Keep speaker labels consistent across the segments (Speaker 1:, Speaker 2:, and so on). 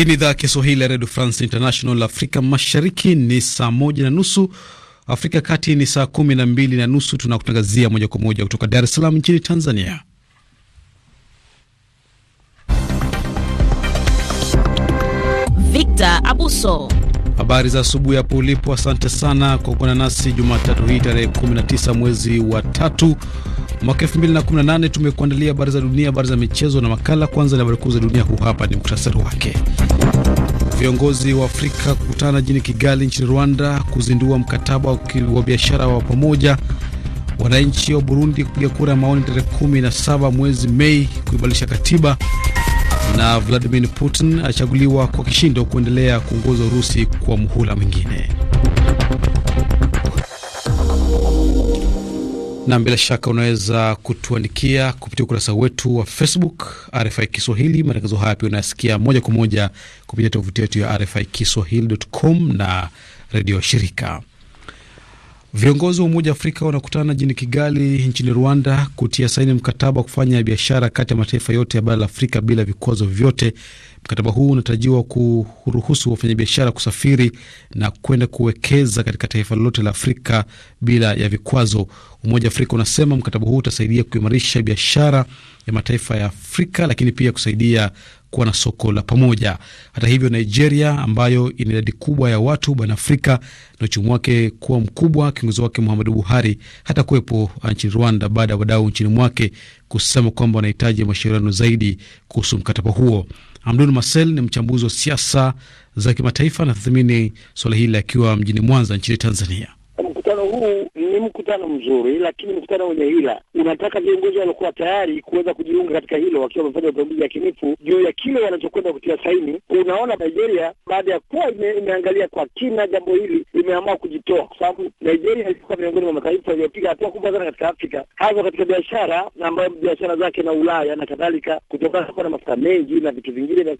Speaker 1: Hii ni idhaa ya Kiswahili ya redio France International. Afrika Mashariki ni saa moja na nusu, Afrika ya Kati ni saa kumi na mbili na nusu. Tunakutangazia moja kwa moja kutoka Dar es Salaam nchini Tanzania.
Speaker 2: Victor Abuso,
Speaker 1: habari za asubuhi hapo ulipo. Asante sana kwa kuungana nasi Jumatatu hii tarehe 19 mwezi wa tatu mwaka 2018. Tumekuandalia habari za dunia, habari za michezo na makala. Kwanza ni habari kuu za dunia, huu hapa ni mktasari wake. Viongozi wa Afrika kukutana jini Kigali nchini Rwanda kuzindua mkataba wa biashara wa pamoja. Wananchi wa Burundi kupiga kura ya maoni tarehe 17 mwezi Mei kuibadilisha katiba. Na Vladimir Putin achaguliwa kwa kishindo kuendelea kuongoza Urusi kwa muhula mwingine. na bila shaka unaweza kutuandikia kupitia ukurasa wetu wa Facebook RFI Kiswahili. Matangazo haya pia unayasikia moja kwa moja kupitia tovuti yetu ya RFI Kiswahili.com na redio shirika. Viongozi wa Umoja wa Afrika wanakutana jini Kigali nchini Rwanda kutia saini mkataba wa kufanya biashara kati ya mataifa yote ya bara la Afrika bila vikwazo vyote. Mkataba huu unatarajiwa kuruhusu wafanyabiashara kusafiri na kwenda kuwekeza katika taifa lolote la Afrika bila ya vikwazo. Umoja wa Afrika unasema mkataba huu utasaidia kuimarisha biashara ya mataifa ya Afrika, lakini pia kusaidia kuwa na soko la pamoja. Hata hivyo, Nigeria ambayo ina idadi kubwa ya watu barani Afrika na uchumi wake kuwa mkubwa, kiongozi wake Muhamadu Buhari hata kuwepo nchini Rwanda baada ya wadau nchini mwake kusema kwamba wanahitaji mashauriano zaidi kuhusu mkataba huo. Amdun Marcel ni mchambuzi wa siasa za kimataifa na suala hili akiwa mjini Mwanza nchini Tanzania.
Speaker 3: Mkutano huu ni mkutano mzuri, lakini mkutano wenye hila. Unataka viongozi waliokuwa tayari kuweza kujiunga katika hilo wakiwa wamefanya utarubiji yakinifu juu ya kile wanachokwenda kutia saini. Unaona, Nigeria baada ya kuwa ime, imeangalia kwa kina jambo hili imeamua kujitoa, kwa sababu Nigeria ilikuwa miongoni mwa mataifa yaliyopiga hatua kubwa sana katika Afrika, hasa katika biashara ambayo biashara zake na Ulaya na kadhalika, kutokana kuwa na mafuta mengi na vitu vingine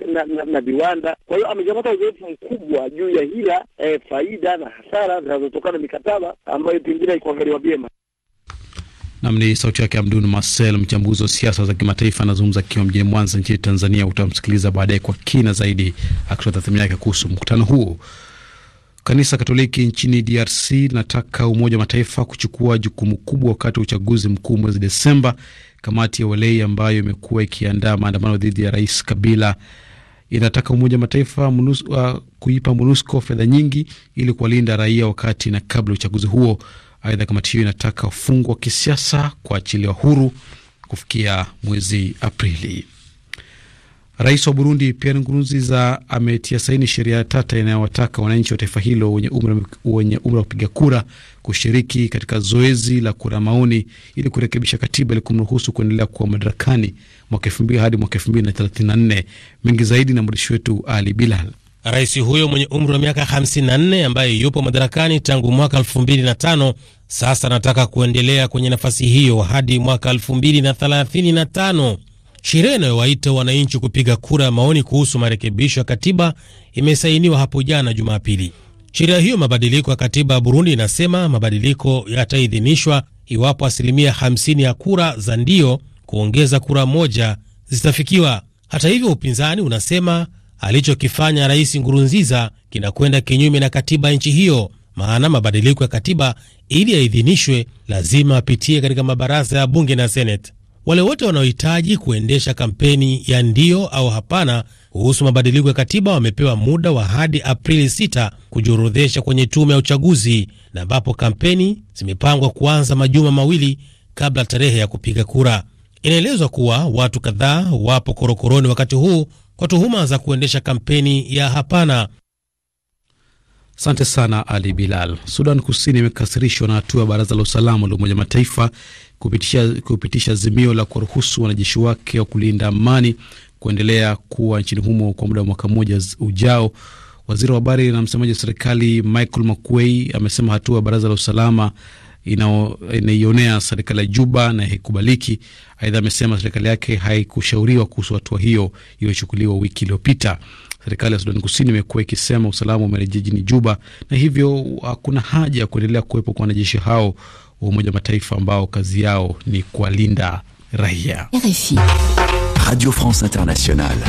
Speaker 3: na viwanda. Kwa hiyo amechapata uzoefu mkubwa juu ya hila, eh, faida na hasara zinazotokana na mikataba ambayo pengine kuangaliwa vyema.
Speaker 1: Nam ni sauti yake Abdun Marcel, mchambuzi wa siasa za kimataifa, anazungumza akiwa mjini Mwanza nchini Tanzania. Utamsikiliza baadaye kwa kina zaidi akitoa tathmini yake kuhusu mkutano huo. Kanisa Katoliki nchini DRC linataka Umoja wa Mataifa kuchukua jukumu kubwa wakati wa uchaguzi mkuu mwezi Desemba. Kamati ya walei ambayo imekuwa ikiandaa maandamano dhidi ya Rais Kabila inataka Umoja wa Mataifa MONUSCO, uh, kuipa MONUSCO fedha nyingi ili kuwalinda raia wakati na kabla ya uchaguzi huo. Aidha, kamati hiyo inataka wafungwa wa kisiasa kuachiliwa huru kufikia mwezi Aprili. Rais wa Burundi Pierre Nkurunziza ametia saini sheria tata inayowataka wananchi wa taifa hilo wenye umri wenye umri wa kupiga kura kushiriki katika zoezi la kura maoni ili kurekebisha katiba ili kumruhusu kuendelea kuwa madarakani mwaka elfu mbili hadi mwaka elfu mbili na thelathini na nne. Mengi zaidi na mwandishi wetu Ali Bilal.
Speaker 4: Rais huyo mwenye umri wa miaka 54 ambaye yupo madarakani tangu mwaka 2005 sasa anataka kuendelea kwenye nafasi hiyo hadi mwaka 2035. Sheria inayowaita wananchi kupiga kura ya maoni kuhusu marekebisho ya katiba imesainiwa hapo jana Jumapili. Sheria hiyo mabadiliko ya katiba ya Burundi inasema mabadiliko yataidhinishwa iwapo asilimia 50 ya kura za ndio kuongeza kura moja zitafikiwa. Hata hivyo, upinzani unasema alichokifanya Rais Ngurunziza kinakwenda kinyume na katiba ya nchi hiyo, maana mabadiliko ya katiba ili yaidhinishwe lazima apitie katika mabaraza ya bunge na Seneti. Wale wote wanaohitaji kuendesha kampeni ya ndio au hapana kuhusu mabadiliko ya katiba wamepewa muda wa hadi Aprili 6 kujiorodhesha kwenye tume ya uchaguzi, na ambapo kampeni zimepangwa kuanza majuma mawili kabla tarehe ya kupiga kura. Inaelezwa kuwa watu kadhaa wapo korokoroni wakati huu kwa tuhuma za kuendesha kampeni ya hapana.
Speaker 1: Asante sana Ali Bilal. Sudan Kusini imekasirishwa na hatua ya baraza la usalama la Umoja Mataifa kupitisha, kupitisha azimio la kuwaruhusu wanajeshi wake wa kulinda amani kuendelea kuwa nchini humo kwa muda wa mwaka mmoja ujao. Waziri wa habari na msemaji wa serikali Michael Makuei amesema hatua ya baraza la usalama inaionea serikali ya Juba na haikubaliki. Aidha, amesema serikali yake haikushauriwa kuhusu hatua hiyo iliyochukuliwa wiki iliyopita. Serikali ya Sudani Kusini imekuwa ikisema usalama umerejea jijini Juba na hivyo hakuna haja ya kuendelea kuwepo kwa wanajeshi hao wa Umoja Mataifa ambao kazi yao ni kuwalinda raia. RFI, Radio France Internationale.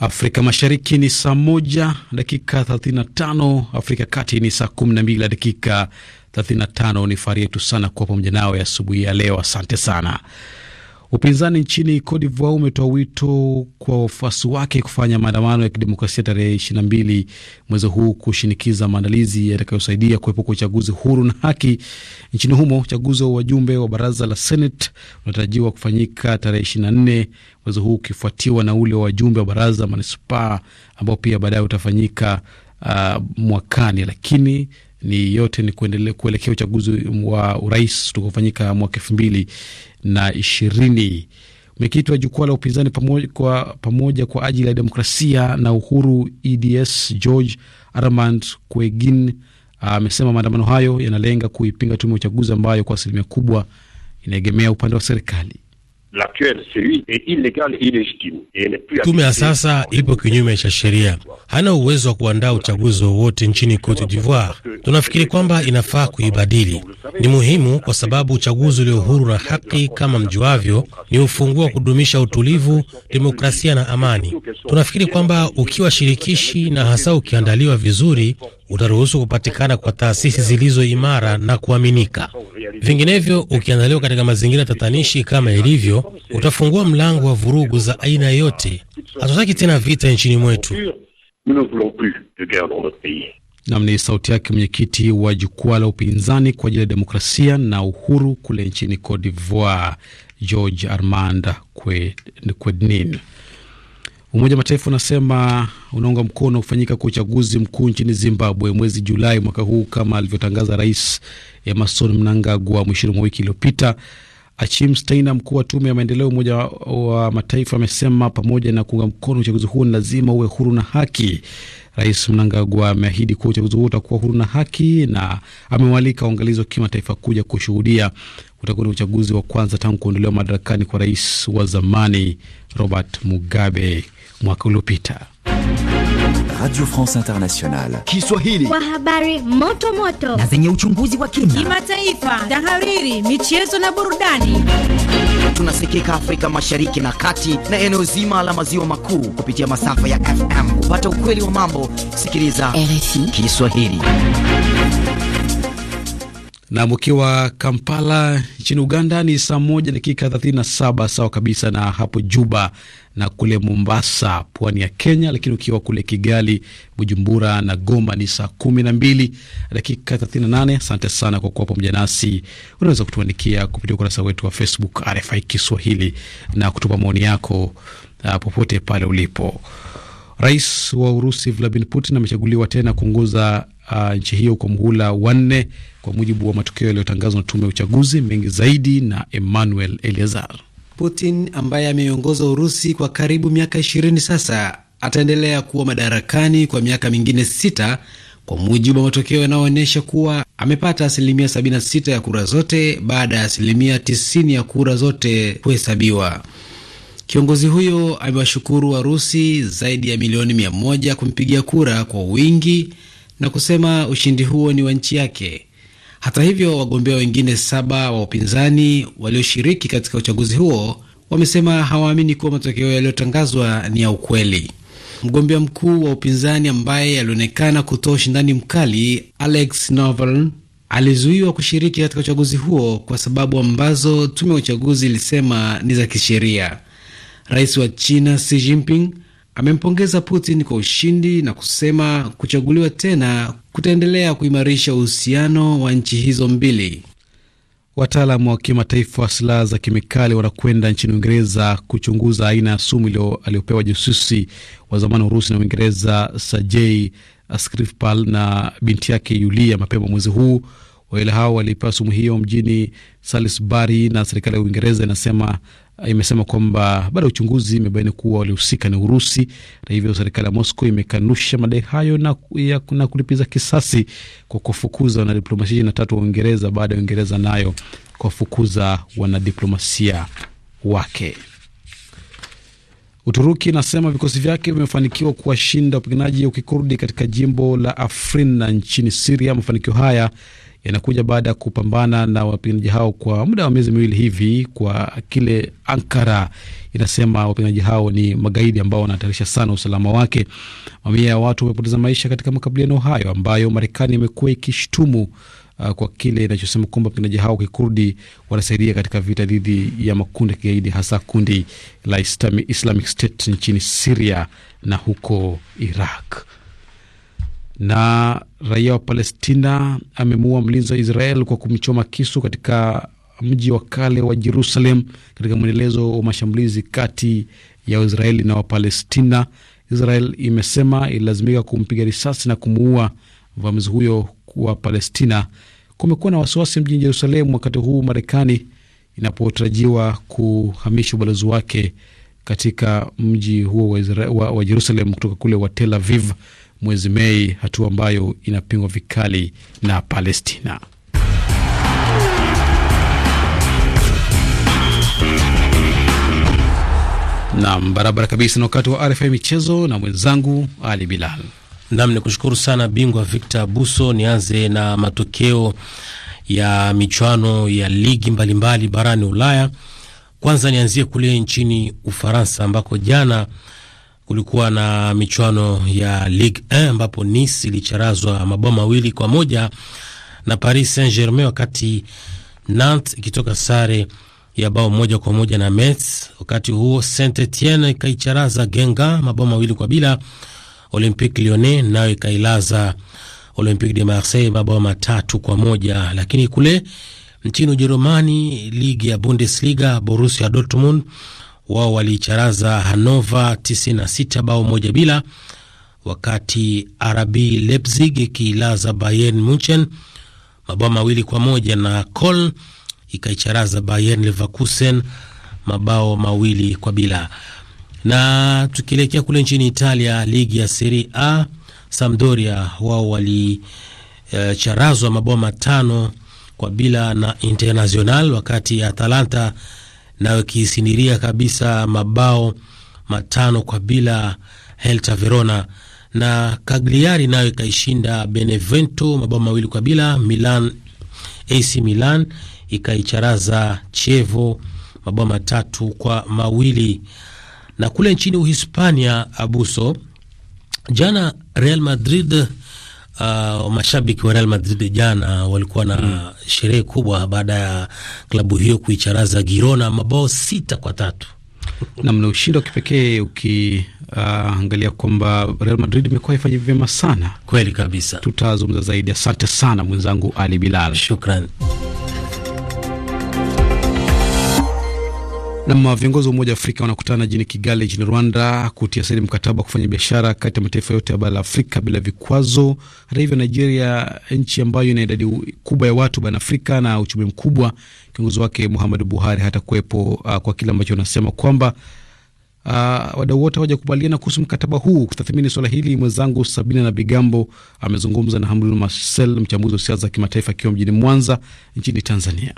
Speaker 1: Afrika Mashariki ni saa moja dakika 35, Afrika Kati ni saa 12 dakika 35. Ni fahari yetu sana kuwa pamoja nawe asubuhi ya leo. Asante sana. Upinzani nchini Cote d'Ivoire umetoa wito kwa wafuasi wake kufanya maandamano ya kidemokrasia tarehe 22 mwezi huu kushinikiza maandalizi yatakayosaidia kuwepo kwa uchaguzi huru na haki nchini humo. Uchaguzi wa wajumbe wa baraza la Senate unatarajiwa kufanyika tarehe 24 mwezi huu ukifuatiwa na ule wa wajumbe wa baraza manispaa ambao pia baadaye utafanyika uh, mwakani, lakini ni yote ni kuelekea uchaguzi wa urais utakaofanyika mwaka elfu mbili na ishirini. Mwenyekiti wa jukwaa la upinzani pamoja kwa, pamoja kwa ajili ya demokrasia na uhuru EDS George Armand Kuegin amesema maandamano hayo yanalenga kuipinga tume ya uchaguzi ambayo kwa asilimia kubwa inaegemea upande wa serikali
Speaker 5: l'actuel CEI est illégal, illégitime. Tume ya
Speaker 4: sasa ipo kinyume cha sheria, hana uwezo wa kuandaa uchaguzi wowote nchini Cote d'Ivoire. Tunafikiri kwamba inafaa kuibadili. Ni muhimu kwa sababu uchaguzi ulio huru na haki, kama mjuavyo, ni ufunguo wa kudumisha utulivu, demokrasia na amani. Tunafikiri kwamba ukiwa shirikishi na hasa ukiandaliwa vizuri utaruhusu kupatikana kwa taasisi zilizo imara na kuaminika. Vinginevyo, ukiandaliwa katika mazingira tatanishi kama ilivyo, utafungua mlango wa vurugu za aina yote. Hatutaki tena vita nchini mwetu. Nam ni sauti yake mwenyekiti wa jukwaa la upinzani kwa
Speaker 1: ajili ya demokrasia na uhuru kule nchini Cote d'Ivoire, George Armand quednin Umoja wa Mataifa unasema unaunga mkono kufanyika kwa uchaguzi mkuu nchini Zimbabwe mwezi Julai mwaka huu kama alivyotangaza Rais Emerson Mnangagwa mwishoni mwa wiki iliyopita. Achim Steiner, mkuu wa tume ya maendeleo Umoja wa Mataifa, amesema pamoja na kuunga mkono uchaguzi huo, ni lazima uwe huru na haki. Rais Mnangagwa ameahidi kuwa uchaguzi huo utakuwa huru na haki na amewalika waangalizi wa kimataifa kuja kushuhudia. Utakuwa ni uchaguzi wa kwanza tangu kuondolewa madarakani kwa rais wa zamani Robert Mugabe mwaka uliopita. Radio
Speaker 5: France Internationale Kiswahili, kwa habari moto moto na zenye uchunguzi wa kina,
Speaker 2: kimataifa, tahariri, michezo na burudani.
Speaker 5: Tunasikika Afrika Mashariki na Kati na eneo zima la maziwa makuu kupitia masafa ya FM. Kupata ukweli wa mambo, sikiliza RFI Kiswahili.
Speaker 1: Na mkiwa Kampala nchini Uganda ni saa moja dakika 37 sawa kabisa na hapo Juba na kule Mombasa, pwani ya Kenya. Lakini ukiwa kule Kigali, Bujumbura na Goma ni saa kumi na mbili dakika 38. Asante sana kwa kuwa pamoja nasi. Unaweza kutuandikia kupitia ukurasa wetu wa Facebook RFI Kiswahili na kutupa maoni yako uh, popote pale ulipo. Rais wa Urusi Vladimir Putin amechaguliwa tena kuongoza uh, nchi hiyo kwa muhula wanne, kwa mujibu wa matokeo yaliyotangazwa na tume ya uchaguzi. Mengi zaidi na Emmanuel Eliazar.
Speaker 6: Putin ambaye ameiongoza Urusi kwa karibu miaka ishirini sasa ataendelea kuwa madarakani kwa miaka mingine sita kwa mujibu wa matokeo yanayoonyesha kuwa amepata asilimia 76 ya kura zote baada ya asilimia 90 ya kura zote kuhesabiwa. Kiongozi huyo amewashukuru Warusi zaidi ya milioni 100 kumpigia kura kwa wingi na kusema ushindi huo ni wa nchi yake hata hivyo, wagombea wengine saba wa upinzani walioshiriki katika uchaguzi huo wamesema hawaamini kuwa matokeo yaliyotangazwa ni ya ukweli. Mgombea mkuu wa upinzani ambaye alionekana kutoa ushindani mkali, Alex Navalny alizuiwa kushiriki katika uchaguzi huo kwa sababu ambazo tume ya uchaguzi ilisema ni za kisheria. Rais wa China Xi Jinping amempongeza Putin kwa ushindi na kusema kuchaguliwa tena kutaendelea kuimarisha uhusiano wa nchi hizo mbili.
Speaker 1: Wataalamu wa kimataifa wa silaha za kemikali wanakwenda nchini Uingereza kuchunguza aina ya sumu aliyopewa jasusi wa zamani wa Urusi na Uingereza Sergei Skripal na binti yake Yulia mapema mwezi huu. Wawili hao walipewa sumu hiyo mjini Salisbury na serikali ya Uingereza inasema imesema kwamba baada ya uchunguzi imebaini kuwa walihusika ni Urusi na hivyo serikali ya Moscow imekanusha madai hayo na, ya, na kulipiza kisasi kwa kuwafukuza wanadiplomasia ishirini na tatu wa Uingereza baada ya Uingereza nayo kuwafukuza wanadiplomasia wake. Uturuki inasema vikosi vyake vimefanikiwa kuwashinda wapiganaji wa kikurdi katika jimbo la Afrin nchini Siria. Mafanikio haya yanakuja baada ya kupambana na wapiganaji hao kwa muda wa miezi miwili hivi, kwa kile Ankara inasema wapiganaji hao ni magaidi ambao wanahatarisha sana usalama wake. Mamia ya watu wamepoteza maisha katika makabiliano hayo ambayo Marekani imekuwa ikishtumu uh, kwa kile inachosema kwamba wapiganaji hao kikurdi wanasaidia katika vita dhidi ya makundi ya kigaidi hasa kundi la Islamic State nchini Siria na huko Iraq na raia wa Palestina amemuua mlinzi wa Israel kwa kumchoma kisu katika mji wa kale wa Jerusalem katika mwendelezo wa mashambulizi kati ya Waisraeli na Wapalestina. Israel imesema ililazimika kumpiga risasi na kumuua mvamizi huyo wa Palestina. Kumekuwa na wasiwasi mjini Jerusalemu wakati huu Marekani inapotarajiwa kuhamisha ubalozi wake katika mji huo wa, wa, wa Jerusalem kutoka kule wa Tel Aviv mwezi Mei, hatua ambayo inapingwa vikali na Palestina.
Speaker 4: Nam, barabara kabisa na wakati wa RFI michezo na mwenzangu Ali Bilal. Nam, ni kushukuru sana bingwa Victor Buso. Nianze na matokeo ya michuano ya ligi mbalimbali barani Ulaya. Kwanza nianzie kule nchini Ufaransa ambako jana kulikuwa na michuano ya Ligue 1 ambapo Nice ilicharazwa mabao mawili kwa moja na Paris Saint-Germain, wakati Nantes ikitoka sare ya bao moja kwa moja na Metz. Wakati huo Saint Etienne ikaicharaza Genga mabao mawili kwa bila. Olympique Lyonnais nayo ikailaza Olympique de Marseille mabao matatu kwa moja. Lakini kule nchini Ujerumani, ligi ya Bundesliga, Borussia Dortmund wao waliicharaza Hanova 96 bao moja bila, wakati RB Leipzig ikiilaza Bayern Munchen mabao mawili kwa moja na col ikaicharaza Bayern Leverkusen mabao mawili kwa bila. Na tukielekea kule nchini Italia, ligi ya Serie A, Sampdoria wao walicharazwa e, mabao matano kwa bila na Internazional, wakati Atalanta nayo ikiisiniria kabisa mabao matano kwa bila Helta Verona, na kagliari nayo ikaishinda Benevento mabao mawili kwa bila. Milan AC Milan ikaicharaza Chievo mabao matatu kwa mawili. Na kule nchini Uhispania, abuso jana Real Madrid uh, mashabiki wa Real Madrid jana walikuwa na mm. sherehe kubwa baada ya klabu hiyo kuicharaza Girona mabao sita kwa tatu nam na ushindi wa kipekee ukiangalia uh, kwamba Real Madrid imekuwa ifanya
Speaker 1: vyema sana kweli kabisa. Tutazungumza zaidi. Asante sana mwenzangu Ali Bilal, shukran. Nam, viongozi wa Umoja wa Afrika wanakutana jijini Kigali nchini Rwanda kutia saini mkataba wa kufanya biashara kati ya mataifa yote ya bara la Afrika bila vikwazo. Hata hivyo, Nigeria, nchi ambayo ina idadi kubwa ya watu barani Afrika na uchumi mkubwa, kiongozi wake Muhammadu Buhari hata kuwepo uh, ah, kwa kile ambacho anasema kwamba uh, wadau wote hawajakubaliana kuhusu mkataba huu. Kutathmini swala hili, mwenzangu Sabina na Bigambo amezungumza na Hamdun Marcel, mchambuzi wa siasa za kimataifa, akiwa mjini Mwanza nchini Tanzania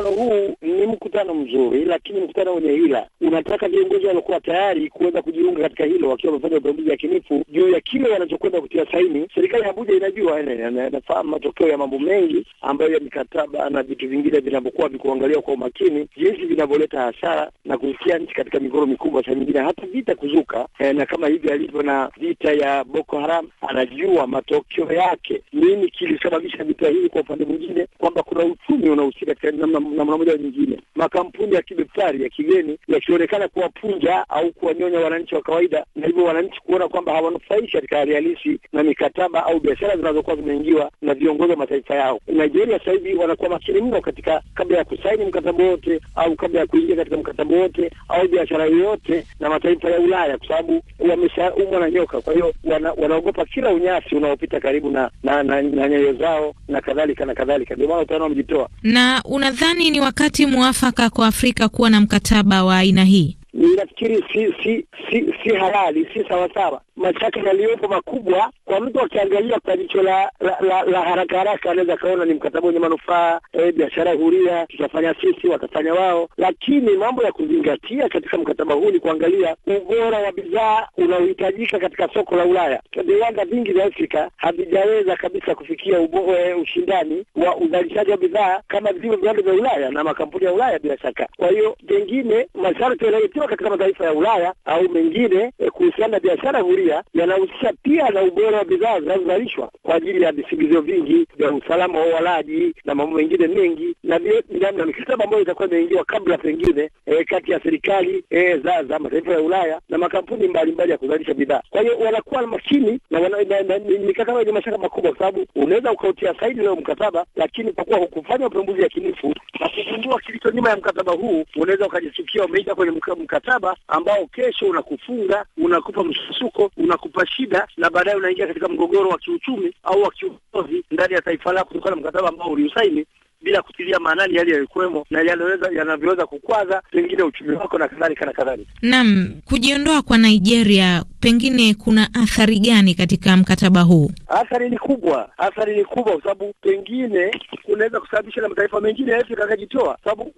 Speaker 3: mkutano huu ni mkutano mzuri, lakini mkutano wenye hila. Unataka viongozi waliokuwa tayari kuweza kujiunga katika hilo, wakiwa wamefanya upembuzi yakinifu juu ya kile wanachokwenda kutia saini. Serikali ya Abuja inajua, inafahamu eh, matokeo ya mambo mengi ambayo ya mikataba na vitu vingine vinavyokuwa vikuangalia kwa umakini, jinsi vinavyoleta hasara na kufikia nchi katika migoro mikubwa, saa nyingine hata vita kuzuka. eh, na kama hivi alivyo na vita ya Boko Haram, anajua matokeo yake nini kilisababisha vita hii. Kwa upande mwingine, kwamba kuna uchumi unahusika katika namna namna moja nyingine, makampuni ya kibepari ya kigeni yakionekana kuwapunja au kuwanyonya wananchi wa kawaida, na hivyo wananchi kuona kwamba hawanufaishi katika hali halisi na mikataba au biashara zinazokuwa zimeingiwa na viongozi wa mataifa yao. Nigeria sasa hivi wanakuwa makini mno katika kabla ya kusaini mkataba wote au kabla ya kuingia katika mkataba wote au biashara yoyote na mataifa ya Ulaya, kwa sababu wameshaumwa na nyoka. Kwa hiyo wana, wanaogopa kila unyasi unaopita karibu na na, na, na nyayo zao na kadhalika na kadhalika, ndio maana utaona wamejitoa na
Speaker 2: unadha unadhani ni wakati mwafaka kwa Afrika kuwa na mkataba wa aina hii?
Speaker 3: Ninafikiri si si si si halali, si sawasawa. Mashaka yaliyopo makubwa, kwa mtu akiangalia kwa jicho la la, la, la haraka haraka, anaweza akaona ni mkataba wenye manufaa eh, biashara huria, tutafanya sisi, watafanya wao. Lakini mambo ya kuzingatia katika mkataba huu ni kuangalia ubora wa bidhaa unaohitajika katika soko la Ulaya. Viwanda vingi vya Afrika havijaweza kabisa kufikia ubo, e, ushindani wa uzalishaji wa bidhaa kama vile viwanda vya Ulaya na makampuni ya Ulaya, bila shaka. Kwa hiyo pengine masharti yanayotiwa kutoka katika mataifa ya Ulaya au mengine e, kuhusiana na biashara huria yanahusisha pia na ubora wa bidhaa zinazozalishwa kwa ajili ya visingizio vingi vya usalama wa walaji na mambo mengine mengi, na na mikataba ambayo itakuwa imeingiwa kabla pengine e, kati ya serikali e, za za mataifa ya Ulaya na makampuni mbalimbali mbali ya kuzalisha bidhaa. Kwa hiyo wanakuwa makini na, mikataba yenye mashaka makubwa, kwa sababu unaweza ukautia saidi leo mkataba, lakini kwa kuwa hukufanya upembuzi yakinifu na kugundua kilicho nyuma ya mkataba huu, unaweza ukajisikia umeisha kwenye mkataba mkataba ambao kesho unakufunga, unakupa msukosuko, unakupa shida, na baadaye unaingia katika mgogoro wa kiuchumi au wa kiuongozi ndani ya taifa lako kutokana na mkataba ambao uliusaini bila kutilia maanani yale yalikuwemo na yanaweza yanavyoweza kukwaza pengine uchumi wako na kadhalika na kadhalika.
Speaker 2: Naam, kujiondoa kwa Nigeria pengine kuna athari gani katika mkataba huu?
Speaker 3: Athari ni kubwa, athari ni kubwa kwa sababu pengine unaweza kusababisha na mataifa mengine ya Afrika yakajitoa, sababu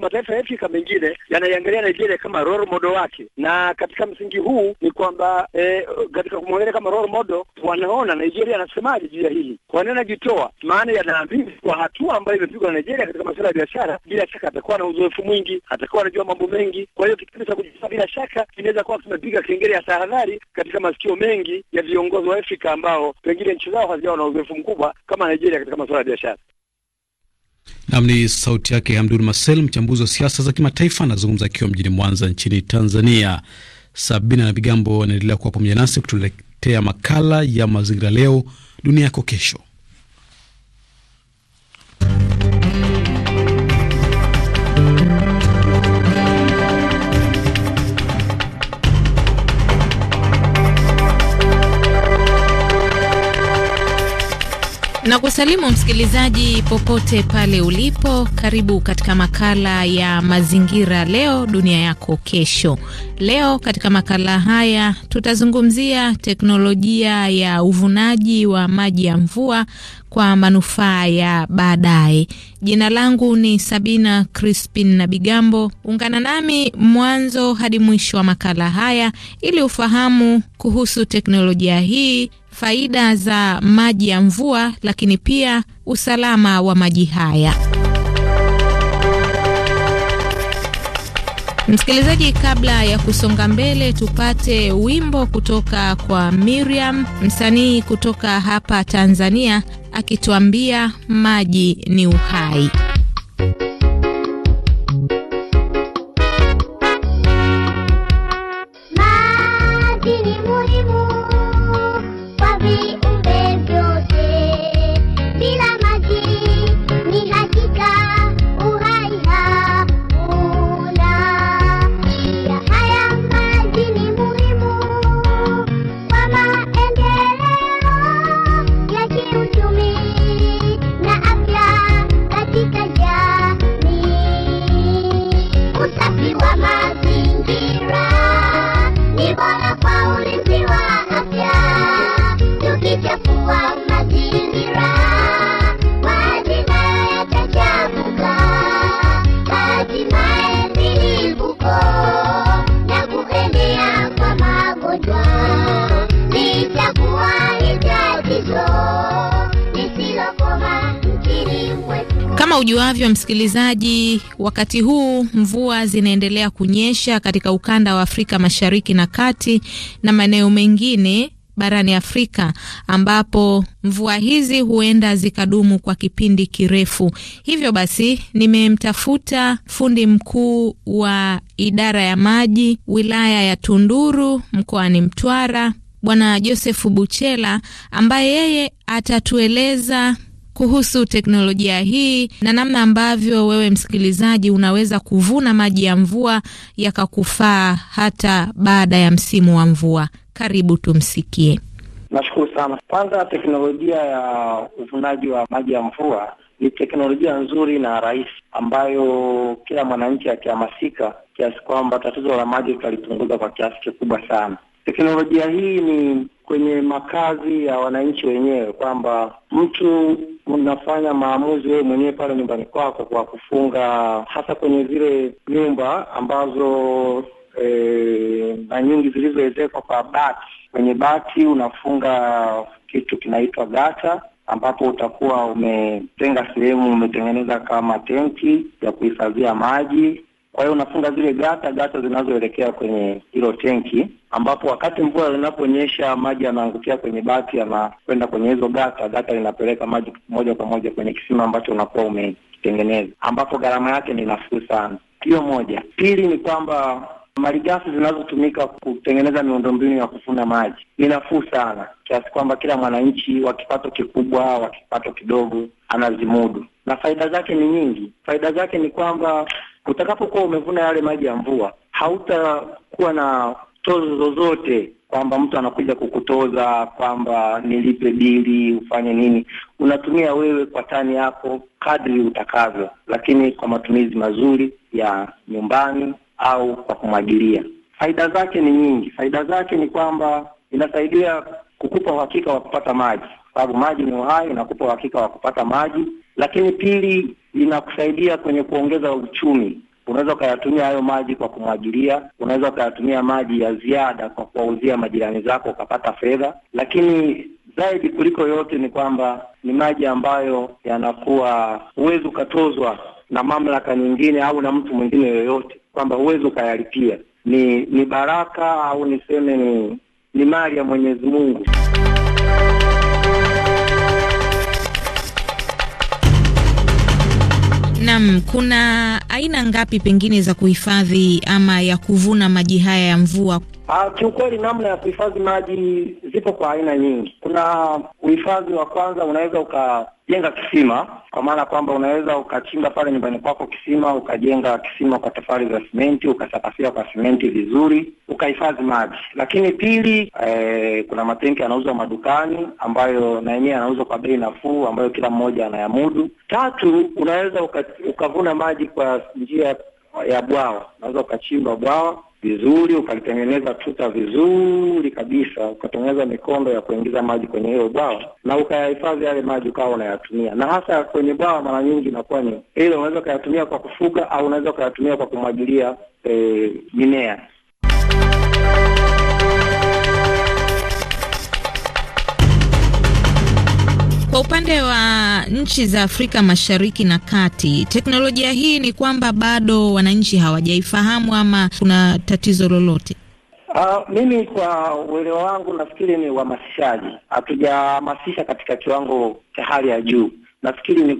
Speaker 3: mataifa ya Afrika mengine yanaiangalia Nigeria kama role model wake, na katika msingi huu ni kwamba eh, katika kumwangalia kama role model wanaona Nigeria anasemaje juu ya hili, kwa nini anajitoa? Maana yanaamini kwa hatua ambayo imepigwa na Nigeria katika masuala ya biashara, bila shaka atakuwa na uzoefu mwingi, atakuwa anajua mambo mengi. Kwa hiyo kitendo cha kujitoa bila shaka kinaweza kuwa kimepiga kengele ya tahadhari katika masikio mengi ya viongozi wa Afrika ambao pengine nchi zao hazijawa na uzoefu mkubwa kama Nigeria katika masuala ya biashara.
Speaker 1: Nam ni sauti yake Hamdun Masel, mchambuzi wa siasa za kimataifa, anazungumza akiwa mjini Mwanza nchini Tanzania. Sabina na Bigambo anaendelea kuwa pamoja nasi kutuletea makala ya mazingira, leo dunia yako kesho.
Speaker 2: na kusalimu msikilizaji popote pale ulipo. Karibu katika makala ya mazingira, leo dunia yako kesho. Leo katika makala haya tutazungumzia teknolojia ya uvunaji wa maji ya mvua kwa manufaa ya baadaye. Jina langu ni Sabina Crispin na Bigambo. Ungana nami mwanzo hadi mwisho wa makala haya ili ufahamu kuhusu teknolojia hii faida za maji ya mvua, lakini pia usalama wa maji haya. Msikilizaji, kabla ya kusonga mbele, tupate wimbo kutoka kwa Miriam, msanii kutoka hapa Tanzania, akituambia maji ni uhai. Kama ujuavyo, msikilizaji, wakati huu mvua zinaendelea kunyesha katika ukanda wa Afrika Mashariki na Kati na maeneo mengine barani Afrika ambapo mvua hizi huenda zikadumu kwa kipindi kirefu. Hivyo basi, nimemtafuta fundi mkuu wa idara ya maji wilaya ya Tunduru mkoani Mtwara, Bwana Joseph Buchela ambaye yeye atatueleza kuhusu teknolojia hii na namna ambavyo wewe msikilizaji unaweza kuvuna maji ya mvua yakakufaa hata baada ya msimu wa mvua. Karibu tumsikie.
Speaker 3: Nashukuru sana. Kwanza, teknolojia ya uvunaji wa maji ya mvua ni teknolojia nzuri na rahisi ambayo kila mwananchi akihamasika, kiasi kwamba tatizo la maji litalipunguza kwa kiasi kikubwa sana. Teknolojia hii ni kwenye makazi ya wananchi wenyewe, kwamba mtu unafanya maamuzi wewe mwenyewe pale nyumbani kwako kwa kufunga hasa kwenye zile nyumba ambazo e, na nyingi zilizoezekwa kwa bati. Kwenye bati unafunga kitu kinaitwa gata, ambapo utakuwa umetenga sehemu, umetengeneza kama tenki ya kuhifadhia maji kwa hiyo unafunga zile gata gata zinazoelekea kwenye hilo tenki, ambapo wakati mvua inaponyesha maji yanaangukia kwenye bati, yanakwenda kwenye hizo gata gata, linapeleka maji moja kwa moja kwenye kisima ambacho unakuwa umekitengeneza, ambapo gharama yake ni nafuu sana. Hiyo moja. Pili ni kwamba malighafi zinazotumika kutengeneza miundombinu ya kufuna maji ni nafuu sana, kiasi kwamba kila mwananchi wa kipato kikubwa, wa kipato kidogo, anazimudu na faida zake ni nyingi. Faida zake ni kwamba utakapokuwa umevuna yale maji ya mvua, hautakuwa na tozo zozote kwamba mtu anakuja kukutoza kwamba nilipe bili ufanye nini. Unatumia wewe kwa tani yako kadri utakavyo, lakini kwa matumizi mazuri ya nyumbani au kwa kumwagilia. Faida zake ni nyingi. Faida zake ni kwamba inasaidia kukupa uhakika wa kupata maji, sababu maji ni uhai. Inakupa uhakika wa kupata maji lakini pili, inakusaidia kwenye kuongeza uchumi. Unaweza ukayatumia hayo maji kwa kumwagilia, unaweza ukayatumia maji ya ziada kwa kuwauzia majirani zako ukapata fedha, lakini zaidi kuliko yote ni kwamba ni maji ambayo yanakuwa huwezi ukatozwa na mamlaka nyingine au na mtu mwingine yoyote, kwamba huwezi ukayalipia. Ni ni baraka au niseme ni, ni mali ya Mwenyezi Mungu.
Speaker 2: Naam, kuna aina ngapi pengine za kuhifadhi ama ya kuvuna maji haya ya mvua
Speaker 3: Ah, kiukweli namna ya kuhifadhi maji zipo kwa aina nyingi. Kuna uhifadhi wa kwanza, unaweza ukajenga kisima, kwa maana kwamba unaweza ukachimba pale nyumbani kwako kisima, ukajenga kisima kwa tofali za simenti, ukasakafia kwa simenti vizuri, ukahifadhi maji. Lakini pili, eh, kuna matenki yanauzwa madukani ambayo na yenyewe yanauzwa kwa bei nafuu ambayo kila mmoja anayamudu. Tatu, unaweza uka, ukavuna maji kwa njia ya bwawa, unaweza ukachimba bwawa vizuri, ukalitengeneza tuta vizuri kabisa, ukatengeneza mikondo ya kuingiza maji kwenye hilo bwawa na ukayahifadhi yale maji, ukawa unayatumia. Na hasa kwenye bwawa, mara nyingi inakuwa ni hilo, unaweza ukayatumia kwa kufuga au unaweza ukayatumia kwa kumwagilia e, mimea.
Speaker 2: Kwa upande wa nchi za Afrika Mashariki na Kati, teknolojia hii ni kwamba bado wananchi hawajaifahamu ama kuna tatizo lolote?
Speaker 3: Uh, mimi kwa uelewa wangu nafikiri ni uhamasishaji, hatujahamasisha katika kiwango cha hali ya juu. Nafikiri ni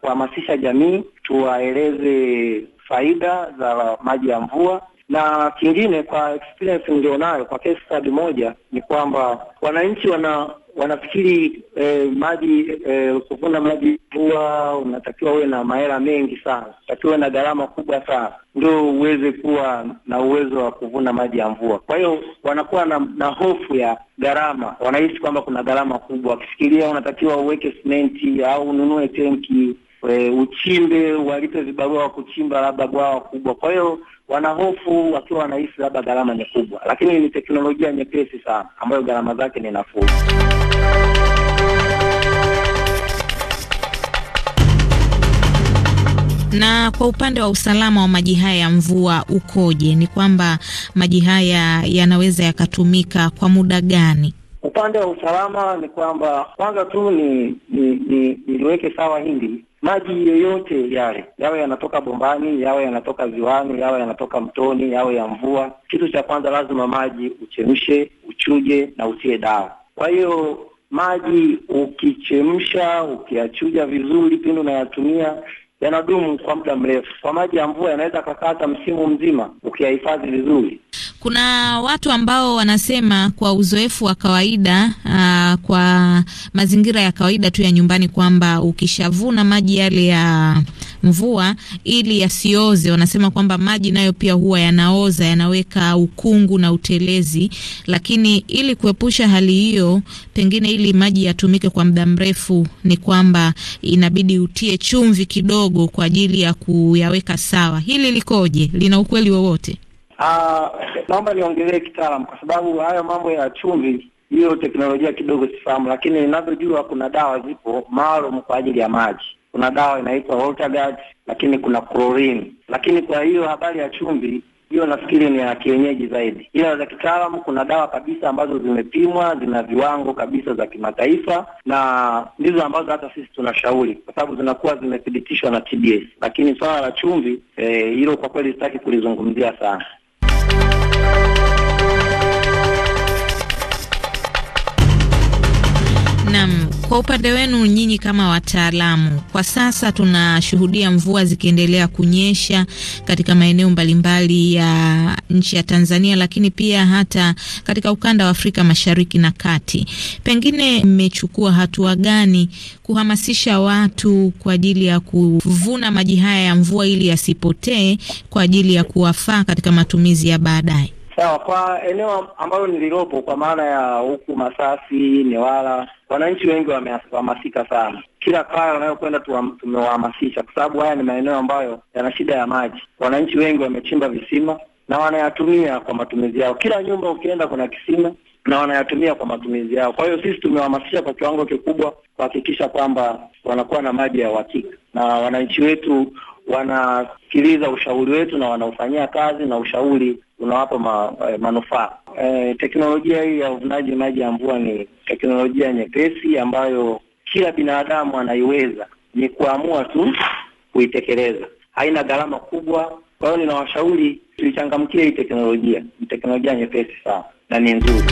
Speaker 3: kuhamasisha jamii, tuwaeleze faida za maji ya mvua na kingine, kwa experience nilionayo, kwa case study moja, ni kwamba wananchi wana wanafikiri eh, maji eh, usipopanda maji mvua unatakiwa uwe na mahela mengi sana, unatakiwa uwe na gharama kubwa sana ndio uweze kuwa na uwezo wa kuvuna maji ya mvua. Kwa hiyo wanakuwa na, na hofu ya gharama, wanahisi kwamba kuna gharama kubwa, wakifikiria unatakiwa uweke simenti au ununue tenki e, uchimbe, walipe vibarua wa kuchimba labda bwawa kubwa. Kwa hiyo wanahofu wakiwa wanahisi labda gharama ni kubwa, lakini ni teknolojia nyepesi sana ambayo gharama zake ni nafuu.
Speaker 2: Na kwa upande wa usalama wa maji haya ya mvua ukoje? Ni kwamba maji haya yanaweza yakatumika kwa muda gani?
Speaker 3: Upande wa usalama ni kwamba kwanza tu ni, ni, ni, niliweke sawa hili maji yoyote yale, yawe yanatoka bombani, yawe yanatoka ziwani, yawe yanatoka mtoni, yawe ya mvua, kitu cha kwanza lazima maji uchemshe, uchuje na utie dawa. Kwa hiyo maji ukichemsha, ukiyachuja vizuri, pindi unayatumia yanadumu kwa muda mrefu. Kwa maji ya mvua yanaweza kukaa hata msimu mzima ukiyahifadhi vizuri.
Speaker 2: Kuna watu ambao wanasema kwa uzoefu wa kawaida aa, ah, kwa mazingira ya kawaida tu ya nyumbani kwamba ukishavuna maji yale ya mvua ili yasioze. Wanasema kwamba maji nayo pia huwa yanaoza, yanaweka ukungu na utelezi, lakini ili kuepusha hali hiyo, pengine ili maji yatumike kwa muda mrefu, ni kwamba inabidi utie chumvi kidogo kwa ajili ya kuyaweka sawa. Hili likoje? Lina ukweli wowote?
Speaker 3: Uh, naomba niongelee kitaalam kwa sababu hayo mambo ya chumvi, hiyo teknolojia kidogo sifahamu, lakini ninavyojua kuna dawa zipo maalum kwa ajili ya maji kuna dawa inaitwa Voltagard, lakini kuna chlorine. Lakini kwa hiyo habari ya chumvi hiyo nafikiri ni ya kienyeji zaidi, ila za kitaalamu kuna dawa kabisa ambazo zimepimwa, zina viwango kabisa za kimataifa, na ndizo ambazo hata sisi tunashauri kwa sababu zinakuwa zimethibitishwa na TBS. Lakini swala la chumvi eh, hilo, eh, kwa kweli sitaki kulizungumzia sana.
Speaker 2: Naam. Kwa upande wenu nyinyi kama wataalamu, kwa sasa tunashuhudia mvua zikiendelea kunyesha katika maeneo mbalimbali ya nchi ya Tanzania, lakini pia hata katika ukanda wa Afrika Mashariki na Kati, pengine mmechukua hatua gani kuhamasisha watu kwa ajili ya kuvuna maji haya ya mvua ili yasipotee, kwa ajili ya kuwafaa katika matumizi ya baadaye?
Speaker 3: Sawa, kwa eneo ambalo nililopo, kwa maana ya huku Masasi, Newala, wananchi wengi wamehamasika sana. Kila kaya wanayokwenda tumewahamasisha, kwa sababu haya ni maeneo ambayo yana shida ya maji. Wananchi wengi wamechimba visima na wanayatumia kwa matumizi yao. Kila nyumba ukienda, kuna kisima na wanayatumia kwa matumizi yao. Kwa hiyo sisi tumewahamasisha kwa kiwango kikubwa kuhakikisha kwamba wanakuwa na maji ya uhakika, na wananchi wetu wanasikiliza ushauri wetu na wanaofanyia kazi, na ushauri unawapa ma, eh, manufaa. Eh, teknolojia hii ya uvunaji maji ya mvua ni teknolojia nyepesi ambayo kila binadamu anaiweza, ni kuamua tu kuitekeleza, haina gharama kubwa. Kwa hiyo ninawashauri tuichangamkie hii teknolojia, ni teknolojia nyepesi sana na ni nzuri.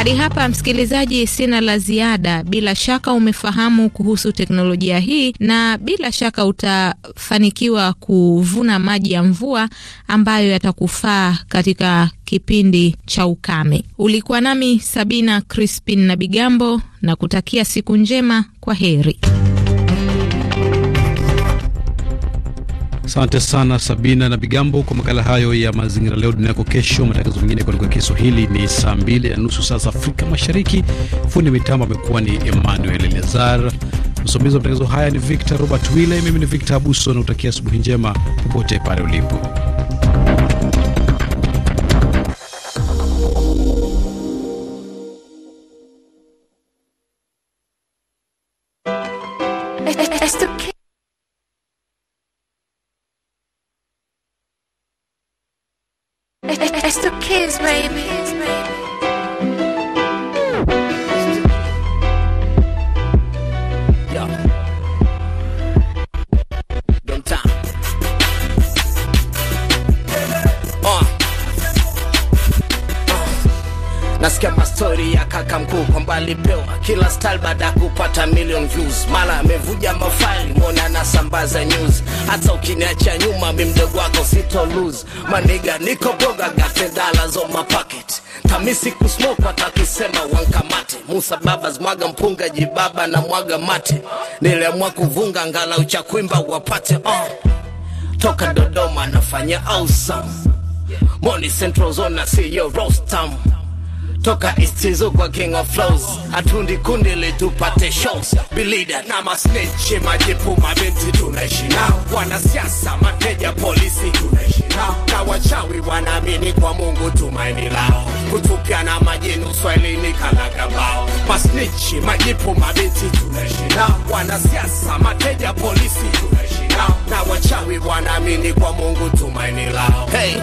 Speaker 2: Hadi hapa msikilizaji, sina la ziada. Bila shaka umefahamu kuhusu teknolojia hii na bila shaka utafanikiwa kuvuna maji ya mvua ambayo yatakufaa katika kipindi cha ukame. Ulikuwa nami Sabina Crispin na Bigambo na kutakia siku njema. Kwa heri.
Speaker 1: Asante sana Sabina na Bigambo kwa makala hayo ya mazingira leo dunia yako kesho. Matangazo mengine kwa lugha ya Kiswahili ni saa mbili na nusu saa za Afrika Mashariki. Fundi mitambo amekuwa ni Emmanuel lezar msimamizi wa matangazo haya ni Victor Robert Wille. Mimi ni Victor Abuso na utakia asubuhi njema popote pale ulipo.
Speaker 5: Rest of kids, baby. alipewa kila style baada ya kupata million views, mara amevuja mafaili mona anasambaza news. Hata ukiniacha nyuma, mi mdogo wako sito lose maniga, niko boga gafe dala zo mapacket tamisi kusmoke watakisema wankamate Musa baba zmwaga mpunga jibaba na mwaga mate niliamua kuvunga ngala uchakwimba wapate oh. Toka Dodoma nafanya awesome Money Central Zone I see your roast time toka istizo kwa King of Flows, atundi kundi litupate shows, bilida na masnechi, majipu, mabinti tunaishi nao, wanasiasa, mateja, polisi tunaishi nao, na wachawi wanaamini kwa Mungu tumaini lao, kutupiana majini Uswahilini kalagambao, masnechi, majipu, mabinti tunaishi nao, wanasiasa, mateja, polisi tunaishi nao, na wachawi wanaamini kwa Mungu tumaini lao, hey.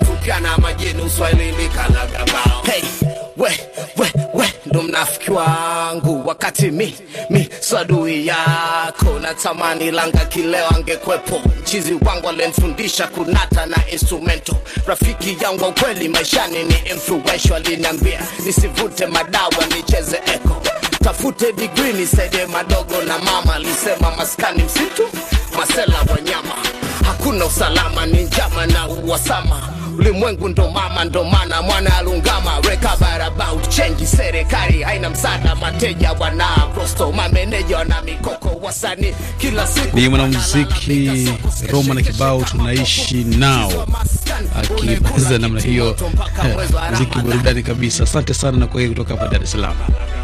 Speaker 5: na majini Uswahilini kalagambao hey we, we, we ndo mnafiki wangu, wakati mi mi sadui yako na tamani langa kileo angekwepo mchizi wangu alenfundisha kunata na instrumento. Rafiki yangu wa kweli maishani ni influensho aliniambia nisivute madawa nicheze eko tafute digrii nisaidie madogo na mama, alisema maskani msitu masela wanyama hakuna usalama ni njama na uwasama ulimwengu ndo mama ndo mana mwana alungama rekabarabaut chengi serikali haina msada mateja wana prosto mameneja wana mikoko wasani kila siku
Speaker 1: ni mwanamuziki Roma na kibao tunaishi nao akipeza namna hiyo muziki burudani kabisa asante sana na kwa hiyo kutoka hapa Dar es Salaam